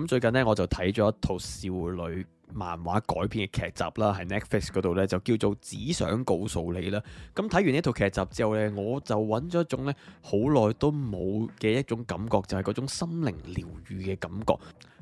咁最近呢，我就睇咗一套少女漫畫改編嘅劇集啦，喺 Netflix 嗰度呢，就叫做《只想告訴你》啦。咁睇完呢套劇集之後呢，我就揾咗一種呢好耐都冇嘅一種感覺，就係嗰種心靈療愈嘅感覺。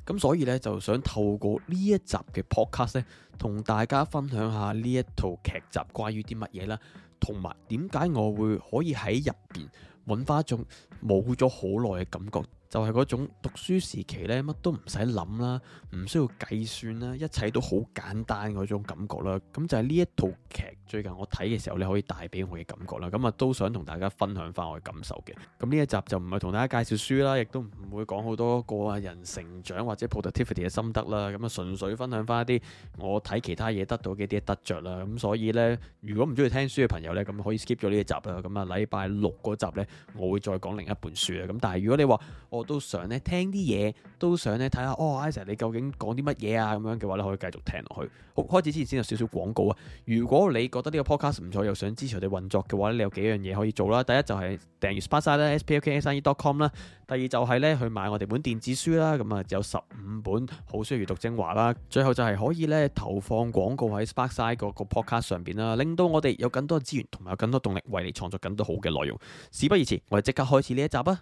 咁所以呢，就想透過呢一集嘅 Podcast 咧，同大家分享下呢一套劇集關於啲乜嘢啦，同埋點解我會可以喺入邊揾翻一種冇咗好耐嘅感覺。就係嗰種讀書時期呢，乜都唔使諗啦，唔需要計算啦，一切都好簡單嗰種感覺啦。咁就係呢一套劇最近我睇嘅時候咧，可以帶俾我嘅感覺啦。咁啊，都想同大家分享翻我嘅感受嘅。咁呢一集就唔係同大家介紹書啦，亦都唔會講好多個人成長或者 productivity 嘅心得啦。咁啊，純粹分享翻一啲我睇其他嘢得到嘅一啲得着啦。咁所以呢，如果唔中意聽書嘅朋友呢，咁可以 skip 咗呢一集啦。咁啊，禮拜六嗰集呢，我會再講另一本書啊。咁但係如果你話我都想咧聽啲嘢，都想咧睇下哦，Eisa 你究竟講啲乜嘢啊？咁樣嘅話你可以繼續聽落去。好開始之前先有少少廣告啊。如果你覺得呢個 podcast 唔錯，又想支持我哋運作嘅話你有幾樣嘢可以做啦。第一就係訂閱 Sparksine 咧 （sparksine.com） 啦。第二就係咧去買我哋本電子書啦。咁啊有十五本好書閱讀精華啦。最後就係可以咧投放廣告喺 Sparksine、這個個 podcast 上邊啦，令到我哋有更多資源同埋有更多動力為你創作更多好嘅內容。事不宜遲，我哋即刻開始呢一集啊！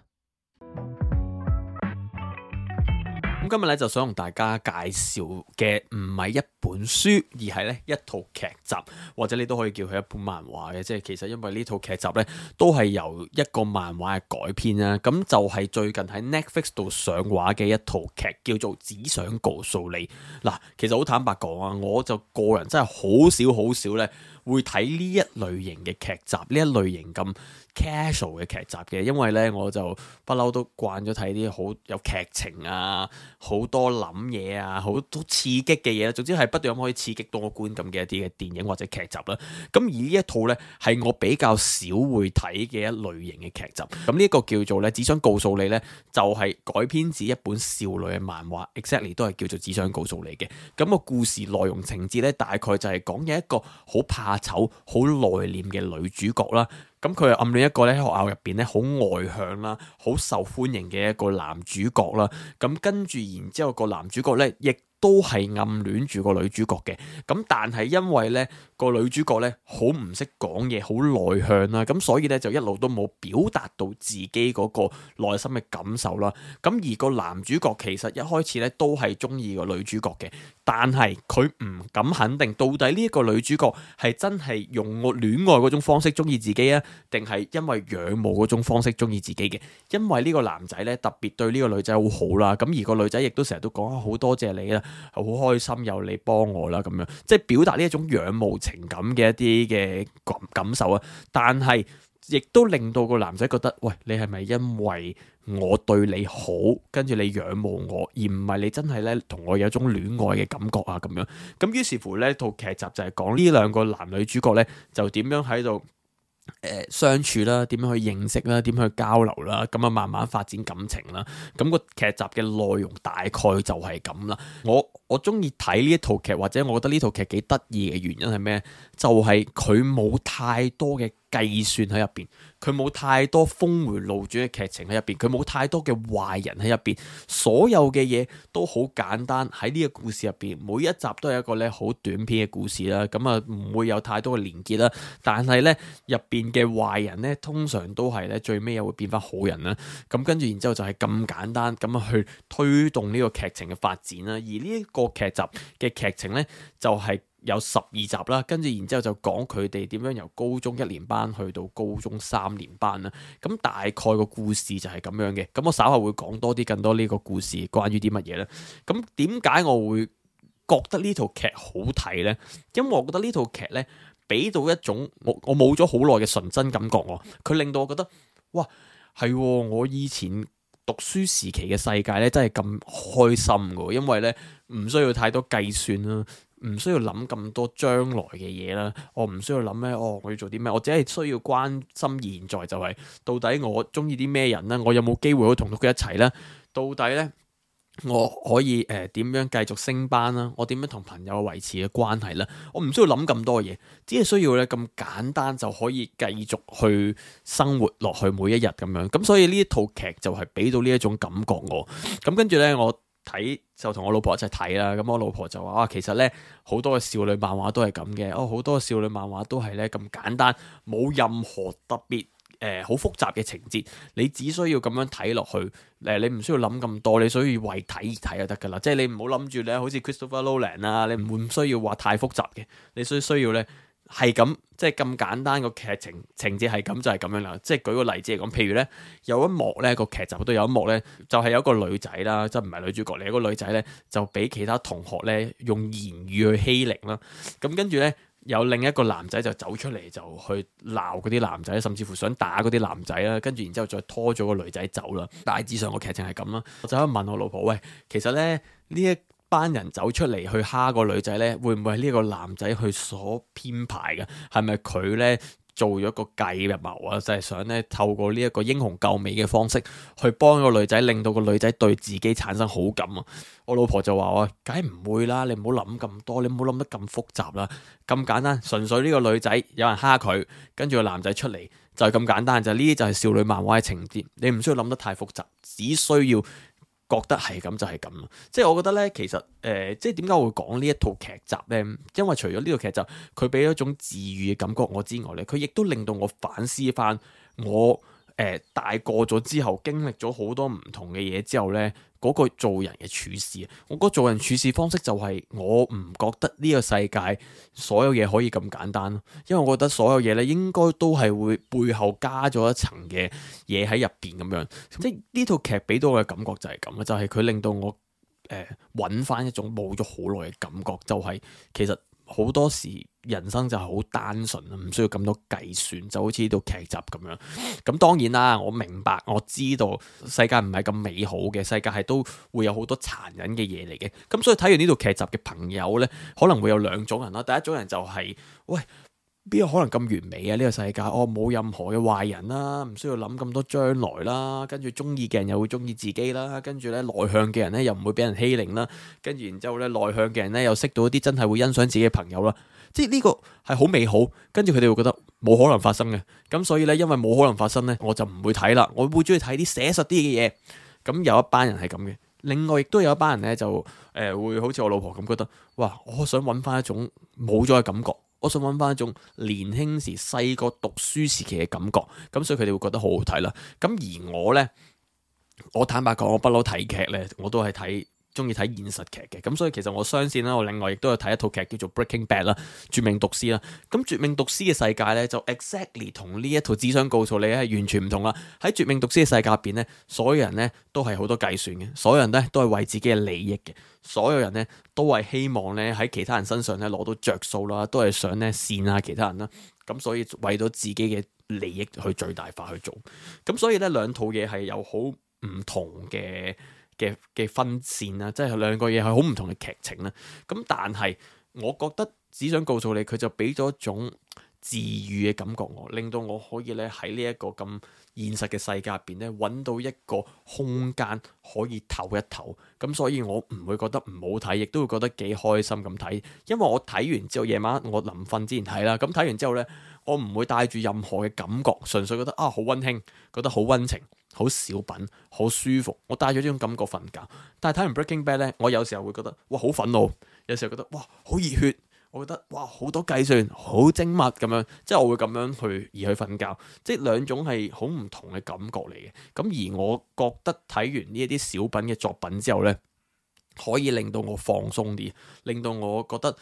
今日咧就想同大家介紹嘅唔係一本書，而係咧一套劇集，或者你都可以叫佢一本漫畫嘅。即係其實因為套劇呢套劇集咧都係由一個漫畫嘅改編啦。咁、啊、就係、是、最近喺 Netflix 度上畫嘅一套劇，叫做《只想告訴你》。嗱、啊，其實好坦白講啊，我就個人真係好少好少咧會睇呢一類型嘅劇集，呢一類型咁 casual 嘅劇集嘅，因為咧我就不嬲都慣咗睇啲好有劇情啊。好多諗嘢啊，好多刺激嘅嘢，總之係不斷咁可以刺激到我觀感嘅一啲嘅電影或者劇集啦。咁而呢一套呢，係我比較少會睇嘅一類型嘅劇集。咁呢個叫做呢，只想告訴你呢，就係改編自一本少女嘅漫畫，exactly 都係叫做只想告訴你嘅。咁個故事內容情節呢，大概就係講嘅一個好怕醜、好內斂嘅女主角啦。咁佢暗戀一個咧喺學校入邊咧好外向啦，好受歡迎嘅一個男主角啦。咁跟住，然之後個男主角咧亦都係暗戀住個女主角嘅。咁但係因為咧。個女主角咧好唔識講嘢，好內向啦、啊，咁所以咧就一路都冇表達到自己嗰個內心嘅感受啦、啊。咁而個男主角其實一開始咧都係中意個女主角嘅，但係佢唔敢肯定到底呢一個女主角係真係用戀愛戀愛嗰種方式中意自己啊，定係因為仰慕嗰種方式中意自己嘅？因為呢個男仔咧特別對呢個女仔好好、啊、啦，咁而個女仔亦都成日都講、啊、好多謝你啦、啊，好開心有你幫我啦、啊，咁樣即係表達呢一種仰慕。情感嘅一啲嘅感感受啊，但係亦都令到個男仔覺得，喂，你係咪因為我對你好，跟住你仰慕我，而唔係你真係咧同我有種戀愛嘅感覺啊？咁樣咁，於是乎呢套劇集就係講呢兩個男女主角咧，就點樣喺度誒相處啦，點樣去認識啦，點樣去交流啦，咁啊慢慢發展感情啦，咁個劇集嘅內容大概就係咁啦，我。我鍾意睇呢一套劇，或者我覺得呢套劇幾得意嘅原因係咩？就係佢冇太多嘅。計算喺入邊，佢冇太多峰回路轉嘅劇情喺入邊，佢冇太多嘅壞人喺入邊，所有嘅嘢都好簡單喺呢個故事入邊，每一集都係一個咧好短篇嘅故事啦，咁啊唔會有太多嘅連結啦，但係咧入邊嘅壞人咧通常都係咧最尾又會變翻好人啦，咁跟住然之後就係咁簡單咁樣去推動呢個劇情嘅發展啦，而呢一個劇集嘅劇情咧就係有十二集啦，跟住然之後就講佢哋點樣由高中一年班去到高中三年班啦。咁大概個故事就係咁樣嘅。咁我稍後會講多啲更多呢個故事，關於啲乜嘢咧？咁點解我會覺得呢套劇好睇咧？因為我覺得呢套劇咧，俾到一種我我冇咗好耐嘅純真感覺、哦。我佢令到我覺得，哇，係、哦、我以前讀書時期嘅世界咧，真係咁開心嘅。因為咧，唔需要太多計算啦、啊。唔需要諗咁多將來嘅嘢啦，我唔需要諗咩，哦，我要做啲咩，我只係需要關心現在就係、是、到底我中意啲咩人呢？我有冇機會可同到佢一齊呢？到底呢我可以誒點、呃、樣繼續升班啦？我點樣同朋友維持嘅關係啦？我唔需要諗咁多嘢，只係需要咧咁簡單就可以繼續去生活落去每一日咁樣。咁、嗯、所以呢一套劇就係俾到呢一種感覺我。咁、嗯、跟住咧我。睇就同我老婆一齊睇啦，咁我老婆就話啊，其實呢，好多嘅少女漫畫都係咁嘅，哦，好多少女漫畫都係呢，咁簡單，冇任何特別誒好複雜嘅情節，你只需要咁樣睇落去，誒、呃、你唔需要諗咁多，你所以為睇而睇就得噶啦，即係你唔好諗住呢，好似 Christopher Nolan 啊，你唔需要話太複雜嘅，你需要需要呢，係咁，即係咁簡單，個劇情情節係咁就係咁樣啦。即係舉個例子嚟講，譬如咧有一幕咧，個劇集都有一幕咧，就係有一個女仔啦，即係唔係女主角嚟，有個女仔咧就俾其他同學咧用言語去欺凌啦。咁跟住咧有另一個男仔就走出嚟就去鬧嗰啲男仔，甚至乎想打嗰啲男仔啦。跟住然之後再拖咗個女仔走啦。大致上個劇情係咁啦。我就問我老婆：喂，其實咧呢一班人走出嚟去蝦個女仔呢，會唔會係呢個男仔去所編排嘅？係咪佢呢做咗個計謀啊？我就係想呢透過呢一個英雄救美嘅方式去幫個女仔，令到個女仔對自己產生好感啊！我老婆就話：我梗唔會啦，你唔好諗咁多，你唔好諗得咁複雜啦，咁簡單，純粹呢個女仔有人蝦佢，跟住個男仔出嚟就係咁簡單，就呢啲就係少女漫畫嘅情節，你唔需要諗得太複雜，只需要。覺得係咁，就係咁，即係我覺得咧，其實誒、呃，即係點解會講呢一套劇集咧？因為除咗呢套劇集佢俾咗一種治愈嘅感覺我之外咧，佢亦都令到我反思翻我。誒、欸、大個咗之後，經歷咗好多唔同嘅嘢之後呢嗰、那個做人嘅處事，我覺得做人處事方式就係我唔覺得呢個世界所有嘢可以咁簡單咯，因為我覺得所有嘢呢應該都係會背後加咗一層嘅嘢喺入邊咁樣，即呢套劇俾到我嘅感覺就係咁啦，就係、是、佢令到我誒揾翻一種冇咗好耐嘅感覺，就係、是、其實好多時。人生就好單純啦，唔需要咁多計算，就好似呢套劇集咁樣。咁當然啦，我明白，我知道世界唔係咁美好嘅，世界係都會有好多殘忍嘅嘢嚟嘅。咁所以睇完呢套劇集嘅朋友呢，可能會有兩種人咯、啊。第一種人就係、是，喂。邊有可能咁完美啊？呢、這個世界，我、哦、冇任何嘅壞人啦、啊，唔需要諗咁多將來啦、啊，跟住中意嘅人又會中意自己啦、啊，跟住咧內向嘅人咧又唔會俾人欺凌啦、啊，跟住然之後咧內向嘅人咧又識到一啲真係會欣賞自己嘅朋友啦、啊，即係呢個係好美好，跟住佢哋會覺得冇可能發生嘅，咁所以咧因為冇可能發生咧，我就唔會睇啦，我會中意睇啲寫實啲嘅嘢。咁有一班人係咁嘅，另外亦都有一班人咧就誒會好似我老婆咁覺得，哇，我想揾翻一種冇咗嘅感覺。我想揾翻一種年輕時細個讀書時期嘅感覺，咁所以佢哋會覺得好好睇啦。咁而我咧，我坦白講，我不嬲睇劇咧，我都係睇中意睇現實劇嘅，咁所以其實我相信啦、啊，我另外亦都有睇一套劇叫做《Breaking Bad》啦，《絕命毒師》啦。咁《絕命毒師》嘅世界咧，就 exactly 同呢一套只想告訴你咧，係完全唔同啦。喺《絕命毒師》嘅世界入邊咧，所有人咧都係好多計算嘅，所有人咧都係為自己嘅利益嘅，所有人咧都係希望咧喺其他人身上咧攞到着數啦，都係想咧扇下其他人啦。咁所以為咗自己嘅利益去最大化去做，咁所以咧兩套嘢係有好唔同嘅。嘅嘅分線啦，即係兩個嘢係好唔同嘅劇情啦。咁但係，我覺得只想告訴你，佢就俾咗一種治癒嘅感覺我，令到我可以咧喺呢一個咁現實嘅世界入邊咧，揾到一個空間可以唞一唞。咁所以我唔會覺得唔好睇，亦都會覺得幾開心咁睇。因為我睇完之後夜晚我臨瞓之前睇啦，咁睇完之後咧。我唔會帶住任何嘅感覺，純粹覺得啊，好溫馨，覺得好溫情，好小品，好舒服。我帶咗呢種感覺瞓覺。但係睇完 Breaking Bad 咧，我有時候會覺得哇，好憤怒，有時候覺得哇，好熱血，我覺得哇，好多計算，好精密咁樣，即係我會咁樣去而去瞓覺。即係兩種係好唔同嘅感覺嚟嘅。咁而我覺得睇完呢一啲小品嘅作品之後呢，可以令到我放鬆啲，令到我覺得。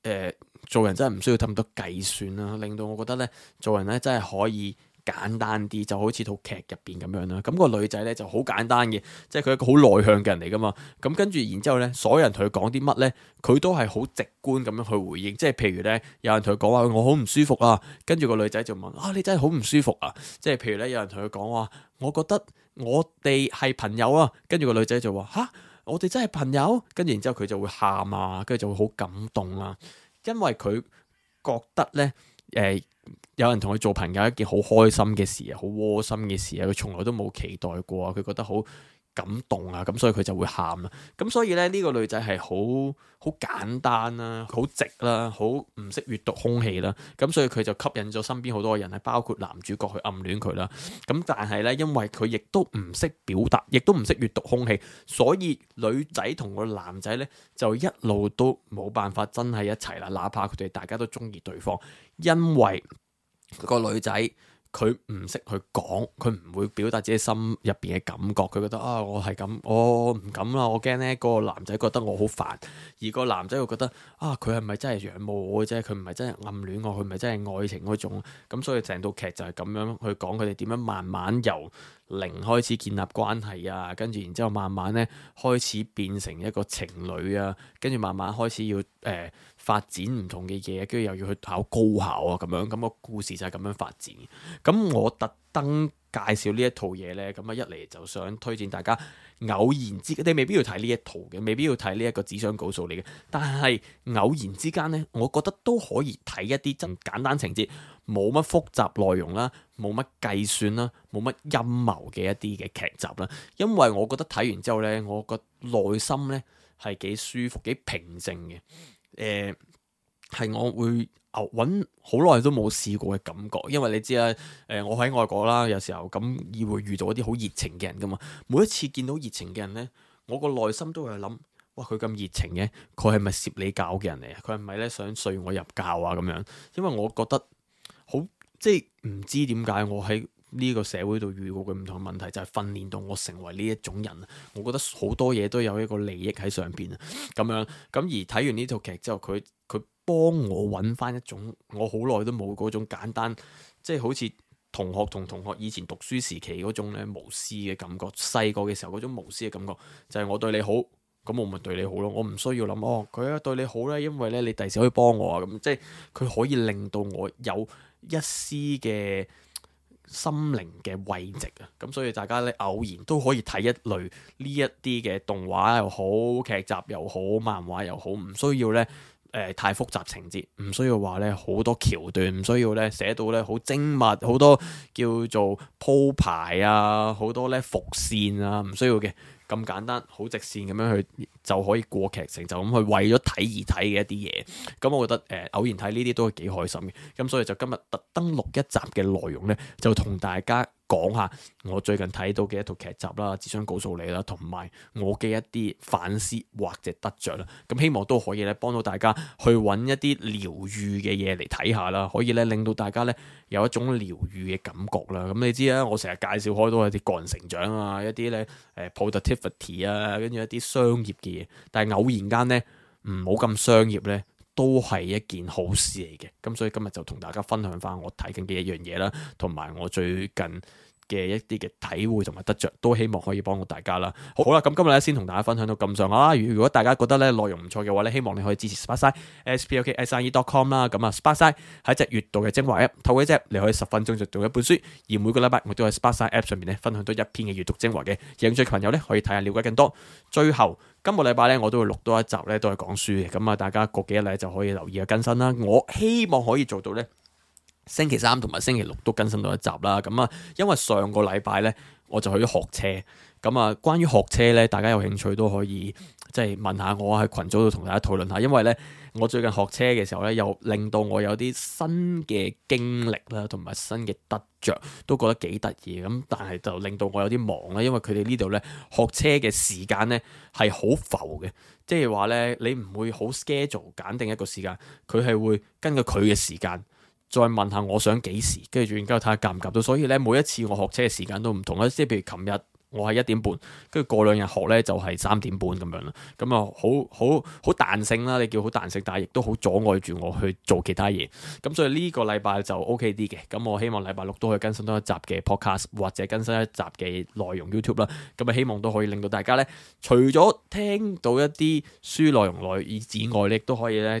誒、呃，做人真係唔需要咁多計算啦、啊，令到我覺得咧，做人咧真係可以簡單啲，就好似套劇入邊咁樣啦。咁、個女仔咧就好簡單嘅，即係佢係一個好內向嘅人嚟噶嘛。咁跟住，然之後咧，所有人同佢講啲乜咧，佢都係好直觀咁樣去回應。即係譬如咧，有人同佢講話我好唔舒服啊，跟住個女仔就問啊，你真係好唔舒服啊？即係譬如咧，有人同佢講話，我覺得我哋係朋友啊，跟住個女仔就話嚇。哈我哋真係朋友，跟住然之後佢就會喊啊，跟住就會好感動啊，因為佢覺得咧，誒、呃，有人同佢做朋友一件好開心嘅事啊，好窩心嘅事啊，佢從來都冇期待過啊，佢覺得好。感動啊，咁所以佢就會喊啦。咁所以咧，呢個女仔係好好簡單啦，好直啦，好唔識閱讀空氣啦。咁所以佢就吸引咗身邊好多嘅人，係包括男主角去暗戀佢啦。咁但係咧，因為佢亦都唔識表達，亦都唔識閱讀空氣，所以女仔同個男仔咧就一路都冇辦法真係一齊啦。哪怕佢哋大家都中意對方，因為個女仔。佢唔識去講，佢唔會表達自己心入邊嘅感覺。佢覺得啊，我係咁、哦，我唔敢啦，我驚咧個男仔覺得我好煩。而個男仔又覺得啊，佢係咪真係仰慕我嘅啫？佢唔係真係暗戀我，佢唔係真係愛情嗰種。咁所以成套劇就係咁樣去講佢哋點樣慢慢由零開始建立關係啊，跟住然之後慢慢咧開始變成一個情侶啊，跟住慢慢開始要誒。呃發展唔同嘅嘢，跟住又要去考高考啊，咁樣咁個故事就係咁樣發展嘅。咁我特登介紹呢一套嘢呢。咁啊一嚟，就想推薦大家偶然之，你未必要睇呢一套嘅，未必要睇呢一個只想告訴你嘅。但係偶然之間呢，我覺得都可以睇一啲，即係簡單情節，冇乜複雜內容啦，冇乜計算啦，冇乜陰謀嘅一啲嘅劇集啦。因為我覺得睇完之後呢，我個內心呢係幾舒服，幾平靜嘅。誒，係、呃、我會揾好耐都冇試過嘅感覺，因為你知啦，誒、呃，我喺外國啦，有時候咁易會遇到啲好熱情嘅人噶嘛。每一次見到熱情嘅人咧，我個內心都會諗：哇，佢咁熱情嘅，佢係咪攝理教嘅人嚟啊？佢係咪咧想睡我入教啊？咁樣，因為我覺得好即係唔知點解我喺。呢個社會度遇過嘅唔同問題，就係訓練到我成為呢一種人。我覺得好多嘢都有一個利益喺上邊啊，咁樣咁而睇完呢套劇之後，佢佢幫我揾翻一種我好耐都冇嗰種簡單，即係好似同學同同學以前讀書時期嗰種咧無私嘅感覺。細個嘅時候嗰種無私嘅感覺，就係我對你好，咁我咪對你好咯。我唔需要諗哦，佢啊對你好咧，因為咧你第時可以幫我啊。咁即係佢可以令到我有一絲嘅。心靈嘅慰藉啊，咁所以大家咧偶然都可以睇一類呢一啲嘅動畫又好、劇集又好、漫畫又好，唔需要咧誒、呃、太複雜情節，唔需要話咧好多橋段，唔需要咧寫到咧好精密，好多叫做鋪排啊，好多咧伏線啊，唔需要嘅。咁簡單，好直線咁樣去就可以過劇情，就咁去為咗睇而睇嘅一啲嘢。咁我覺得誒、呃，偶然睇呢啲都係幾開心嘅。咁所以就今日特登錄一集嘅內容咧，就同大家，講下我最近睇到嘅一套劇集啦，只想告訴你啦，同埋我嘅一啲反思或者得着啦，咁、嗯、希望都可以咧幫到大家去揾一啲療癒嘅嘢嚟睇下啦，可以咧令到大家咧有一種療癒嘅感覺啦。咁、嗯、你知啦、啊，我成日介紹開都係啲個人成長啊，一啲咧誒、呃、productivity 啊，跟住一啲商業嘅嘢，但係偶然間咧唔好咁商業咧。都係一件好事嚟嘅，咁所以今日就同大家分享返我睇緊嘅一樣嘢啦，同埋我最近嘅一啲嘅體會同埋得着，都希望可以幫到大家啦。好啦，咁今日咧先同大家分享到咁上下。如果大家覺得咧內容唔錯嘅話咧，希望你可以支持 Sparksine sparksine.com、OK、啦。咁、嗯、啊，Sparksine 係一隻閱讀嘅精華 App，透過一隻你可以十分鐘就讀一本書，而每個禮拜我都喺 Sparksine App 上面咧分享多一篇嘅閱讀精華嘅興趣朋友咧可以睇下了解更多。最後今個禮拜咧我都會錄多一集咧都係講書嘅，咁、嗯、啊大家過幾日咧就可以留意更新啦。我希望可以做到咧。星期三同埋星期六都更新到一集啦，咁啊，因為上個禮拜咧，我就去咗學車，咁啊，關於學車咧，大家有興趣都可以即係問下我喺群組度同大家討論下，因為咧我最近學車嘅時候咧，又令到我有啲新嘅經歷啦，同埋新嘅得着，都覺得幾得意嘅，咁但係就令到我有啲忙啦，因為佢哋呢度咧學車嘅時間咧係好浮嘅，即係話咧，你唔會好 schedule 揀定一個時間，佢係會根據佢嘅時間。再問下我想幾時，跟住然之後睇下夾唔夾到。所以咧，每一次我學車嘅時間都唔同啊。即係譬如琴日我係一點半，跟住過兩日學咧就係三點半咁樣啦。咁啊，好好好彈性啦，你叫好彈性，但係亦都好阻礙住我去做其他嘢。咁所以呢個禮拜就 OK 啲嘅。咁我希望禮拜六都可以更新多一集嘅 podcast，或者更新一集嘅內容 YouTube 啦。咁啊，希望都可以令到大家咧，除咗聽到一啲書內容內以外，咧亦都可以咧。